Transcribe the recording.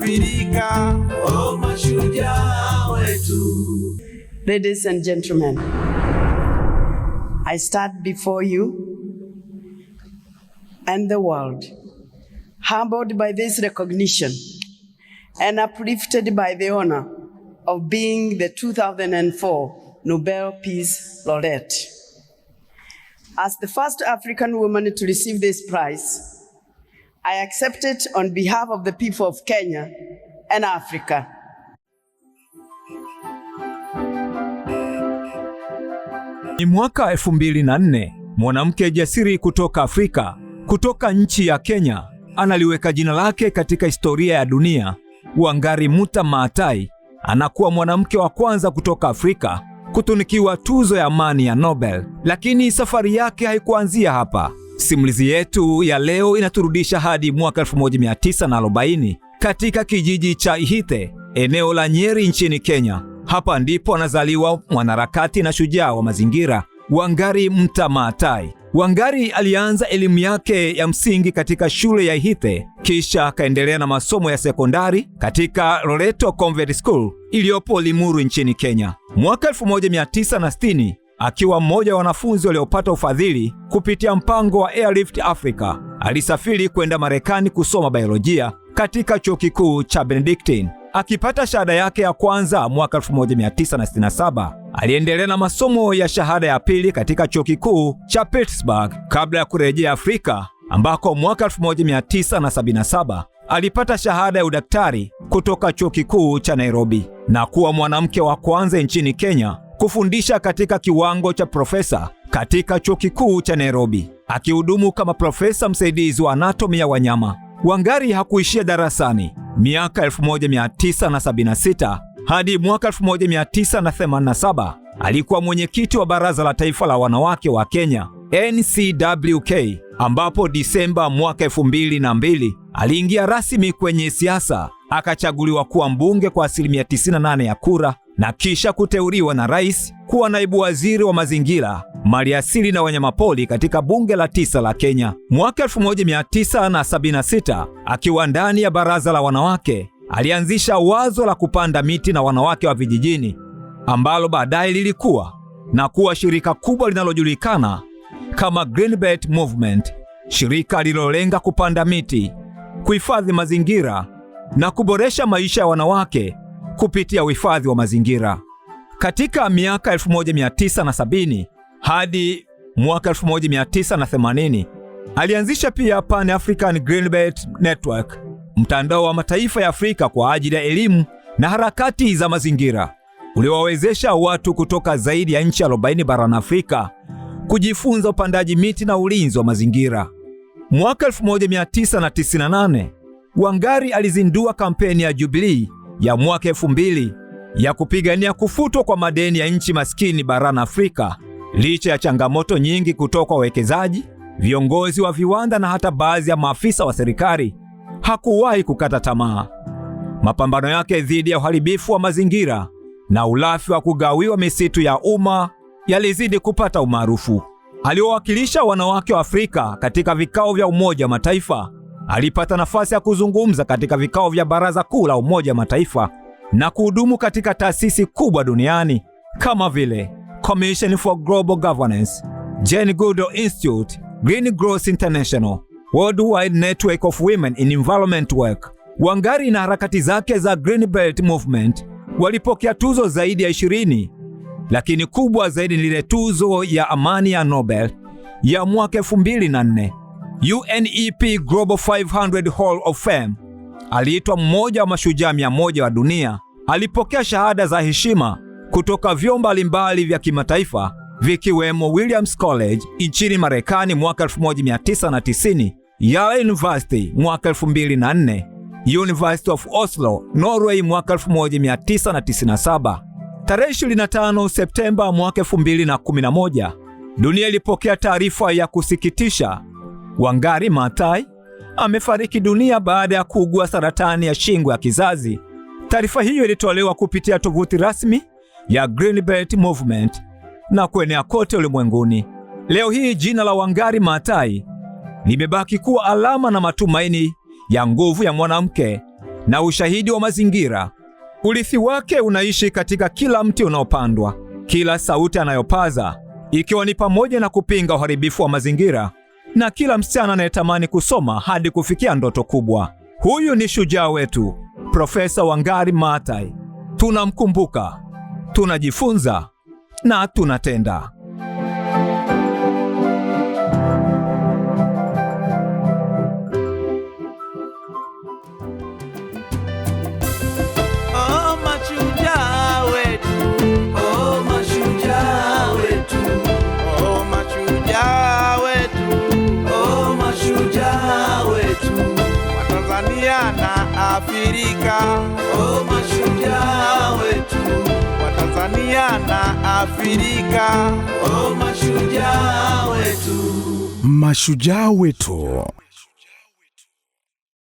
kutabirika. O mashujaa wetu. Ladies and gentlemen, I stand before you and the world humbled by this recognition and uplifted by the honor of being the 2004 Nobel Peace Laureate. As the first African woman to receive this prize, I accept it on behalf of the people of Kenya and Africa. Ni mwaka 2004, mwanamke jasiri kutoka Afrika, kutoka nchi ya Kenya, analiweka jina lake katika historia ya dunia. Wangari Muta Maatai anakuwa mwanamke wa kwanza kutoka Afrika kutunikiwa tuzo ya amani ya Nobel, lakini safari yake haikuanzia hapa. Simulizi yetu ya leo inaturudisha hadi mwaka 1940 katika kijiji cha Ihite, eneo la Nyeri nchini Kenya. Hapa ndipo anazaliwa mwanaharakati na shujaa wa mazingira Wangari Mtamatai. Wangari alianza elimu yake ya msingi katika shule ya Ihite, kisha akaendelea na masomo ya sekondari katika Loreto Convent School iliyopo Limuru nchini Kenya. Mwaka 1960 akiwa mmoja wa wanafunzi waliopata ufadhili kupitia mpango wa Airlift Africa, alisafiri kwenda Marekani kusoma biolojia katika chuo kikuu cha Benedictine. Akipata shahada yake ya kwanza mwaka 1967, aliendelea na masomo ya shahada ya pili katika chuo kikuu cha Pittsburgh kabla ya kurejea Afrika ambako mwaka 1977 alipata shahada ya udaktari kutoka chuo kikuu cha Nairobi na kuwa mwanamke wa kwanza nchini Kenya kufundisha katika kiwango cha profesa katika chuo kikuu cha Nairobi, akihudumu kama profesa msaidizi wa anatomi ya wanyama. Wangari hakuishia darasani. Miaka 1976 hadi mwaka 1987 alikuwa mwenyekiti wa baraza la taifa la wanawake wa Kenya NCWK, ambapo Disemba mwaka 2002 aliingia rasmi kwenye siasa, akachaguliwa kuwa mbunge kwa asilimia 98 ya kura na kisha kuteuliwa na rais kuwa naibu waziri wa mazingira, maliasili na wanyamapori katika bunge la tisa la Kenya. Mwaka 1976 akiwa ndani ya baraza la wanawake, alianzisha wazo la kupanda miti na wanawake wa vijijini ambalo baadaye lilikuwa na kuwa shirika kubwa linalojulikana kama Green Belt Movement, shirika lililolenga kupanda miti, kuhifadhi mazingira na kuboresha maisha ya wanawake kupitia uhifadhi wa mazingira. Katika miaka 1970 hadi mwaka 1980 alianzisha pia Pan African Belt Network, mtandao wa mataifa ya Afrika kwa ajili ya elimu na harakati za mazingira uliowawezesha watu kutoka zaidi ya nchi 40 barani Afrika kujifunza upandaji miti na ulinzi wa mazingira. Mwaka 1998 Wangari alizindua kampeni ya Jubilee ya mwaka elfu mbili ya kupigania kufutwa kwa madeni ya nchi maskini barani Afrika, licha ya changamoto nyingi kutoka kwa wawekezaji, viongozi wa viwanda na hata baadhi ya maafisa wa serikali, hakuwahi kukata tamaa. Mapambano yake dhidi ya uharibifu wa mazingira na ulafi wa kugawiwa misitu ya umma yalizidi kupata umaarufu. aliowakilisha wanawake wa Afrika katika vikao vya Umoja wa Mataifa alipata nafasi ya kuzungumza katika vikao vya Baraza Kuu la Umoja Mataifa na kuhudumu katika taasisi kubwa duniani kama vile Commission for Global Governance, Jane Goodall Institute, Green Growth International, Worldwide Network of Women in Environment Work. Wangari na harakati zake za Green Belt Movement walipokea tuzo zaidi ya 20, lakini kubwa zaidi ni ile tuzo ya amani ya Nobel ya mwaka 2004 UNEP Global 500 Hall of Fame, aliitwa mmoja wa mashujaa mia moja wa dunia. Alipokea shahada za heshima kutoka vyuo mbalimbali vya kimataifa vikiwemo Williams College nchini Marekani mwaka 1990, Yale University mwaka 2004, University of Oslo, Norway mwaka 1997. Tarehe 25 Septemba mwaka 2011, dunia ilipokea taarifa ya kusikitisha Wangari Maathai amefariki dunia baada ya kuugua saratani ya shingo ya kizazi. Taarifa hiyo ilitolewa kupitia tovuti rasmi ya Green Belt Movement na kuenea kote ulimwenguni. Leo hii jina la Wangari Maathai limebaki kuwa alama na matumaini ya nguvu ya mwanamke na ushahidi wa mazingira. Urithi wake unaishi katika kila mti unaopandwa, kila sauti anayopaza, ikiwa ni pamoja na kupinga uharibifu wa mazingira na kila msichana anayetamani kusoma hadi kufikia ndoto kubwa. Huyu ni shujaa wetu Profesa Wangari Maathai. Tunamkumbuka, tunajifunza na tunatenda. washirika oh, mashujaa wetu wa Tanzania na Afrika oh, mashujaa wetu, mashujaa wetu.